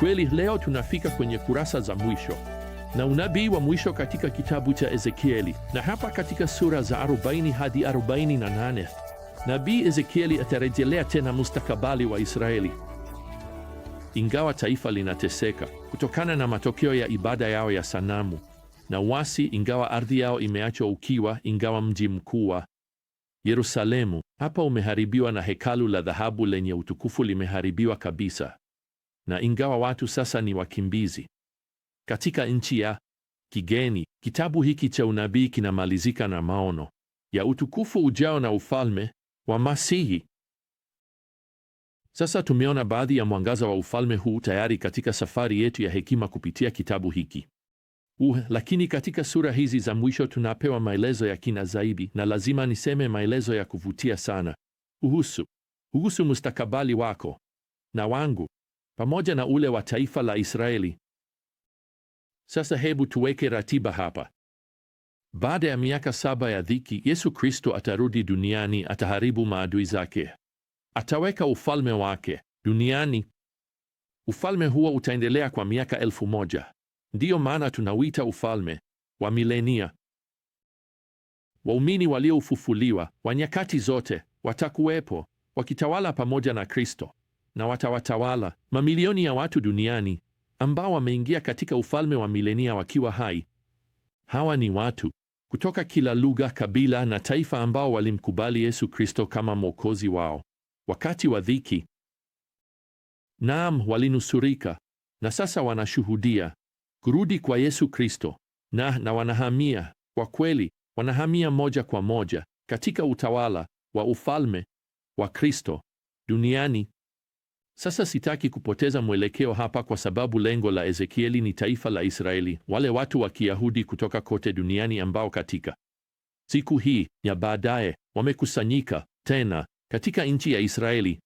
Kweli leo tunafika kwenye kurasa za mwisho na unabii wa mwisho katika kitabu cha Ezekieli, na hapa katika sura za 40 hadi 48 nabii Ezekieli atarejelea tena mustakabali wa Israeli. Ingawa taifa linateseka kutokana na matokeo ya ibada yao ya sanamu na wasi, ingawa ardhi yao imeachwa ukiwa, ingawa mji mkuu wa Yerusalemu hapa umeharibiwa na hekalu la dhahabu lenye utukufu limeharibiwa kabisa, na ingawa watu sasa ni wakimbizi katika nchi ya kigeni, kitabu hiki cha unabii kinamalizika na maono ya utukufu ujao na ufalme wa Masihi. Sasa tumeona baadhi ya mwangaza wa ufalme huu tayari katika safari yetu ya hekima kupitia kitabu hiki. Uh, lakini katika sura hizi za mwisho tunapewa maelezo ya kina zaidi, na lazima niseme maelezo ya kuvutia sana kuhusu kuhusu mustakabali wako na wangu pamoja na ule wa taifa la Israeli. Sasa hebu tuweke ratiba hapa. Baada ya miaka saba ya dhiki, Yesu Kristo atarudi duniani, ataharibu maadui zake, ataweka ufalme wake duniani. Ufalme huo utaendelea kwa miaka elfu moja. Ndiyo maana tunawita ufalme wa milenia. Waumini walioufufuliwa wa nyakati zote watakuwepo wakitawala pamoja na Kristo na watawatawala mamilioni ya watu duniani ambao wameingia katika ufalme wa milenia wakiwa hai. Hawa ni watu kutoka kila lugha, kabila na taifa ambao walimkubali Yesu Kristo kama mwokozi wao wakati wa dhiki. Naam, walinusurika na sasa wanashuhudia kurudi kwa Yesu Kristo na na wanahamia kwa kweli, wanahamia moja kwa moja katika utawala wa ufalme wa Kristo duniani. Sasa sitaki kupoteza mwelekeo hapa, kwa sababu lengo la Ezekieli ni taifa la Israeli, wale watu wa Kiyahudi kutoka kote duniani ambao katika siku hii ya baadaye wamekusanyika tena katika nchi ya Israeli.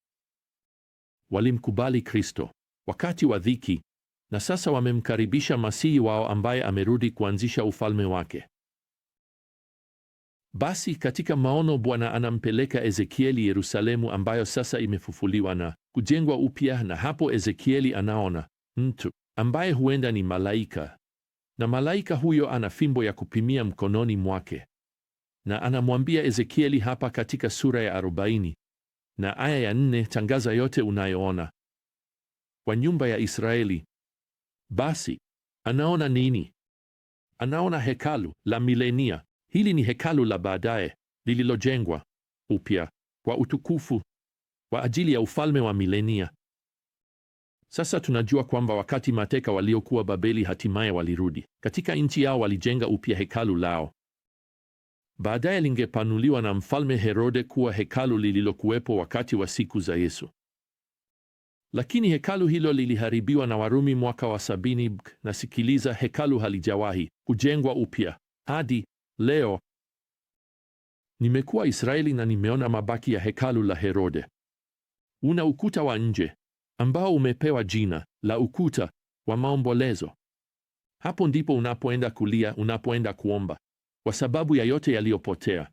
Walimkubali Kristo wakati wa dhiki na sasa wamemkaribisha Masihi wao ambaye amerudi kuanzisha ufalme wake. Basi katika maono Bwana anampeleka Ezekieli Yerusalemu ambayo sasa imefufuliwa na kujengwa upya, na hapo Ezekieli anaona mtu ambaye huenda ni malaika, na malaika huyo ana fimbo ya kupimia mkononi mwake, na anamwambia Ezekieli hapa katika sura ya arobaini na aya ya nne tangaza yote unayoona kwa nyumba ya Israeli. Basi anaona nini? Anaona hekalu la milenia Hili ni hekalu la baadaye lililojengwa upya kwa utukufu kwa ajili ya ufalme wa milenia. Sasa tunajua kwamba wakati mateka waliokuwa Babeli hatimaye walirudi katika nchi yao, walijenga upya hekalu lao. Baadaye lingepanuliwa na Mfalme Herode kuwa hekalu lililokuwepo wakati wa siku za Yesu. Lakini hekalu hilo liliharibiwa na Warumi mwaka wa sabini na sikiliza, hekalu halijawahi kujengwa upya hadi Leo nimekuwa Israeli na nimeona mabaki ya hekalu la Herode. Una ukuta wa nje ambao umepewa jina la ukuta wa maombolezo. Hapo ndipo unapoenda kulia, unapoenda kuomba kwa sababu ya yote yaliyopotea.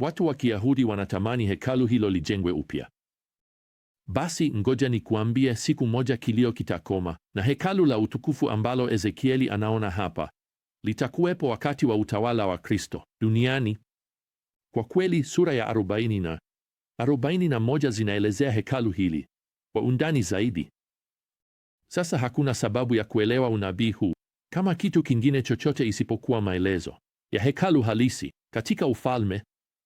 Watu wa Kiyahudi wanatamani hekalu hilo lijengwe upya. Basi ngoja nikuambie, siku moja kilio kitakoma, na hekalu la utukufu ambalo Ezekieli anaona hapa litakuwepo wakati wa utawala wa Kristo duniani. Kwa kweli sura ya 40 na 41 zinaelezea hekalu hili kwa undani zaidi. Sasa hakuna sababu ya kuelewa unabii huu kama kitu kingine chochote isipokuwa maelezo ya hekalu halisi katika ufalme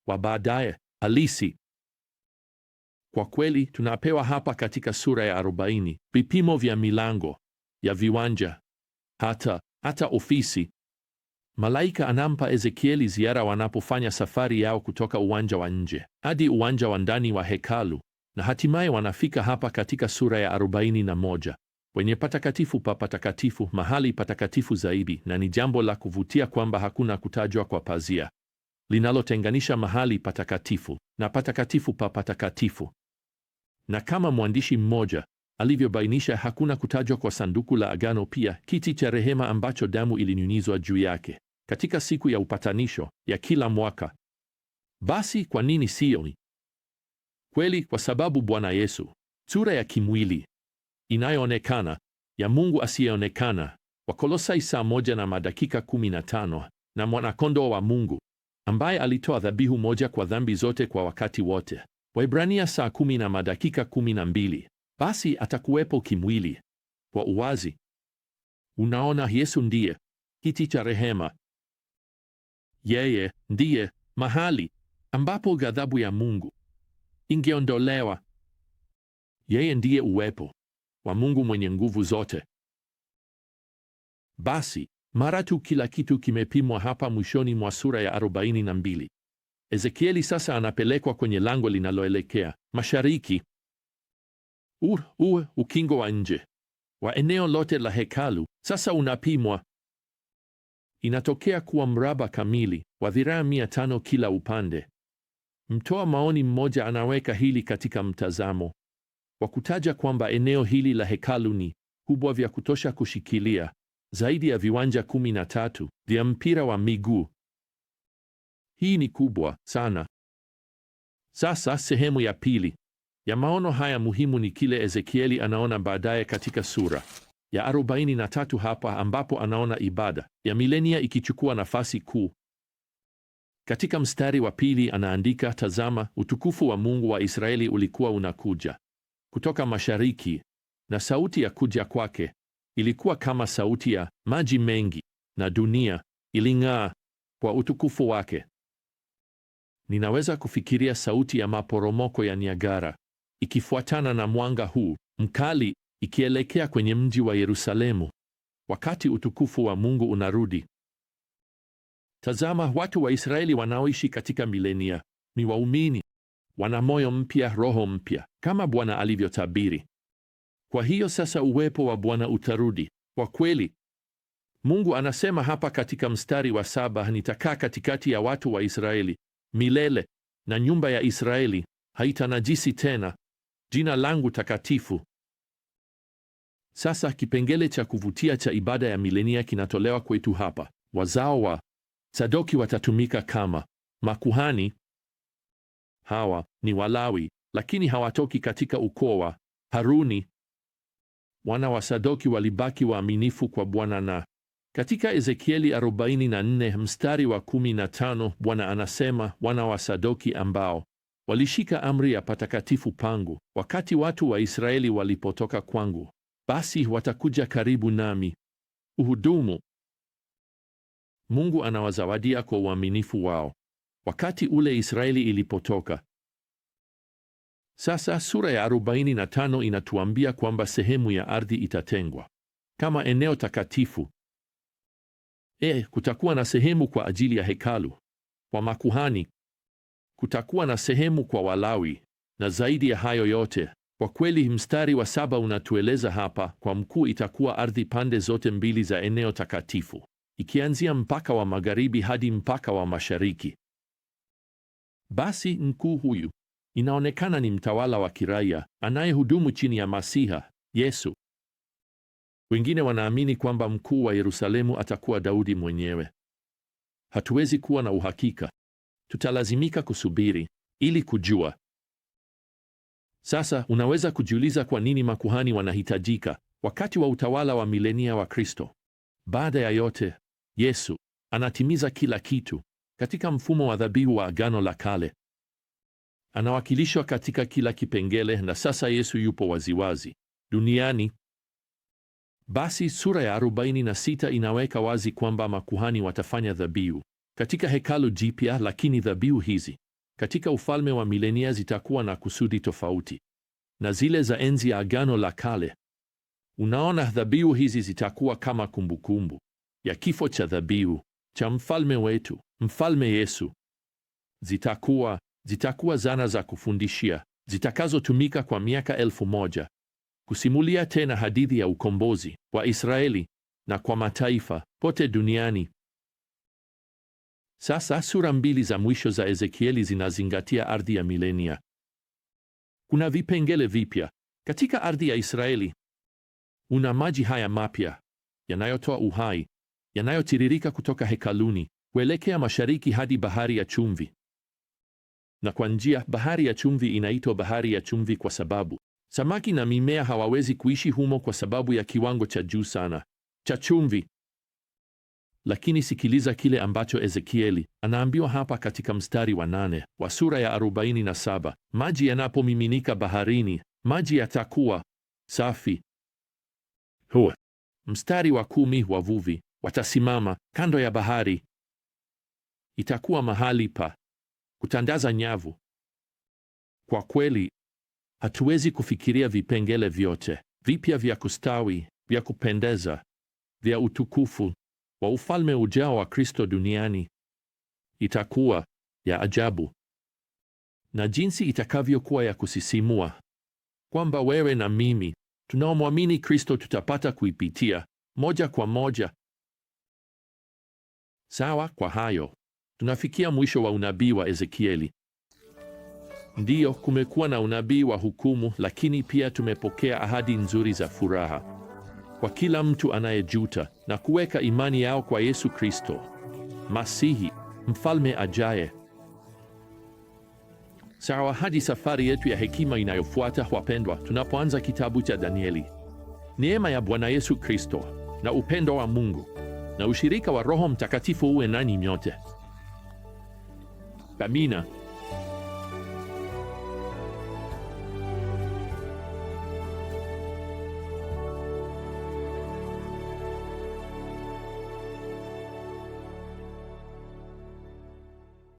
wa baadaye halisi. Kwa kweli tunapewa hapa katika sura ya 40 vipimo vya milango ya viwanja hata hata ofisi Malaika anampa Ezekieli ziara wanapofanya safari yao kutoka uwanja wa nje hadi uwanja wa ndani wa hekalu, na hatimaye wanafika hapa katika sura ya 41 kwenye patakatifu pa patakatifu, mahali patakatifu zaidi. Na ni jambo la kuvutia kwamba hakuna kutajwa kwa pazia linalotenganisha mahali patakatifu na patakatifu pa patakatifu. Na kama mwandishi mmoja alivyobainisha, hakuna kutajwa kwa sanduku la agano, pia kiti cha rehema ambacho damu ilinyunyizwa juu yake katika siku ya upatanisho ya kila mwaka. Basi kwa nini sioni? Kweli, kwa sababu Bwana Yesu, sura ya kimwili inayoonekana ya Mungu asiyeonekana, Wakolosai saa moja na madakika 15, na mwanakondoo wa Mungu ambaye alitoa dhabihu moja kwa dhambi zote kwa wakati wote, Waibrania saa kumi na madakika 12 basi atakuwepo kimwili kwa uwazi. Unaona, Yesu ndiye kiti cha rehema. Yeye ndiye mahali ambapo ghadhabu ya Mungu ingeondolewa. Yeye ndiye uwepo wa Mungu mwenye nguvu zote. Basi mara tu kila kitu kimepimwa hapa mwishoni mwa sura ya 42, Ezekieli sasa anapelekwa kwenye lango linaloelekea mashariki ue ukingo wa nje wa eneo lote la hekalu sasa unapimwa. Inatokea kuwa mraba kamili wa dhiraa mia tano kila upande. Mtoa maoni mmoja anaweka hili katika mtazamo wa kutaja kwamba eneo hili la hekalu ni kubwa vya kutosha kushikilia zaidi ya viwanja kumi na tatu vya mpira wa miguu. Hii ni kubwa sana. Sasa sehemu ya pili ya maono haya muhimu ni kile Ezekieli anaona baadaye katika sura ya 43 hapa ambapo anaona ibada ya milenia ikichukua nafasi kuu. Katika mstari wa pili anaandika, tazama, utukufu wa Mungu wa Israeli ulikuwa unakuja kutoka mashariki, na sauti ya kuja kwake ilikuwa kama sauti ya maji mengi, na dunia iling'aa kwa utukufu wake. Ninaweza kufikiria sauti ya maporomoko ya Niagara ikifuatana na mwanga huu mkali ikielekea kwenye mji wa Yerusalemu wakati utukufu wa Mungu unarudi. Tazama, watu wa Israeli wanaoishi katika milenia ni waumini, wana moyo mpya, roho mpya, kama Bwana alivyotabiri. Kwa hiyo sasa uwepo wa Bwana utarudi kwa kweli. Mungu anasema hapa katika mstari wa saba, nitakaa katikati ya watu wa Israeli milele na nyumba ya Israeli haitanajisi tena jina langu takatifu. Sasa kipengele cha kuvutia cha ibada ya milenia kinatolewa kwetu hapa. Wazao wa Sadoki watatumika kama makuhani. Hawa ni Walawi, lakini hawatoki katika ukoo wa Haruni. Wana wa Sadoki walibaki waaminifu kwa Bwana, na katika Ezekieli 44 mstari wa 15 Bwana anasema wana wa Sadoki ambao walishika amri ya patakatifu pangu, wakati watu wa Israeli walipotoka kwangu, basi watakuja karibu nami. Uhudumu. Mungu anawazawadia kwa uaminifu wao wakati ule Israeli ilipotoka. Sasa sura ya 45 inatuambia kwamba sehemu ya ardhi itatengwa kama eneo takatifu. E, kutakuwa na sehemu kwa ajili ya hekalu kwa makuhani kutakuwa na sehemu kwa Walawi. Na zaidi ya hayo yote, kwa kweli mstari wa saba unatueleza hapa, kwa mkuu itakuwa ardhi pande zote mbili za eneo takatifu, ikianzia mpaka wa magharibi hadi mpaka wa mashariki. Basi mkuu huyu inaonekana ni mtawala wa kiraia anayehudumu chini ya Masiha Yesu. Wengine wanaamini kwamba mkuu wa Yerusalemu atakuwa Daudi mwenyewe. Hatuwezi kuwa na uhakika tutalazimika kusubiri ili kujua. Sasa unaweza kujiuliza kwa nini makuhani wanahitajika wakati wa utawala wa milenia wa Kristo? Baada ya yote, Yesu anatimiza kila kitu katika mfumo wa dhabihu wa Agano la Kale. Anawakilishwa katika kila kipengele, na sasa Yesu yupo waziwazi duniani. Basi sura ya 46 inaweka wazi kwamba makuhani watafanya dhabihu katika hekalu jipya, lakini dhabihu hizi katika ufalme wa milenia zitakuwa na kusudi tofauti na zile za enzi ya Agano la Kale. Unaona, dhabihu hizi zitakuwa kama kumbukumbu ya kifo cha dhabihu cha mfalme wetu, mfalme Yesu. Zitakuwa zitakuwa zana za kufundishia zitakazotumika kwa miaka elfu moja kusimulia tena hadithi ya ukombozi wa Israeli na kwa mataifa pote duniani. Sasa sura mbili za mwisho za Ezekieli zinazingatia ardhi ya milenia. Kuna vipengele vipya katika ardhi ya Israeli. Una maji haya mapya yanayotoa uhai, yanayotiririka kutoka hekaluni kuelekea mashariki hadi bahari ya chumvi. Na kwa njia, bahari ya chumvi inaitwa bahari ya chumvi kwa sababu samaki na mimea hawawezi kuishi humo kwa sababu ya kiwango cha juu sana cha chumvi. Lakini sikiliza kile ambacho Ezekieli anaambiwa hapa katika mstari wa nane wa sura ya na saba maji yanapomiminika baharini, maji yatakuwa safi. Huwa mstari wa kumi, wavuvi watasimama kando ya bahari, itakuwa mahali pa kutandaza nyavu. Kwa kweli hatuwezi kufikiria vipengele vyote vipya vya kustawi, vya kupendeza, vya utukufu wa ufalme ujao wa Kristo duniani itakuwa ya ajabu na jinsi itakavyokuwa ya kusisimua, kwamba wewe na mimi tunaomwamini Kristo tutapata kuipitia moja kwa moja. Sawa. Kwa hayo tunafikia mwisho wa unabii wa Ezekieli. Ndiyo, kumekuwa na unabii wa hukumu, lakini pia tumepokea ahadi nzuri za furaha kwa kila mtu anayejuta na kuweka imani yao kwa Yesu Kristo Masihi, mfalme ajaye. Sawa, hadi safari yetu ya hekima inayofuata, wapendwa, tunapoanza kitabu cha Danieli. Neema ya Bwana Yesu Kristo na upendo wa Mungu na ushirika wa Roho Mtakatifu uwe nani nyote. Amina.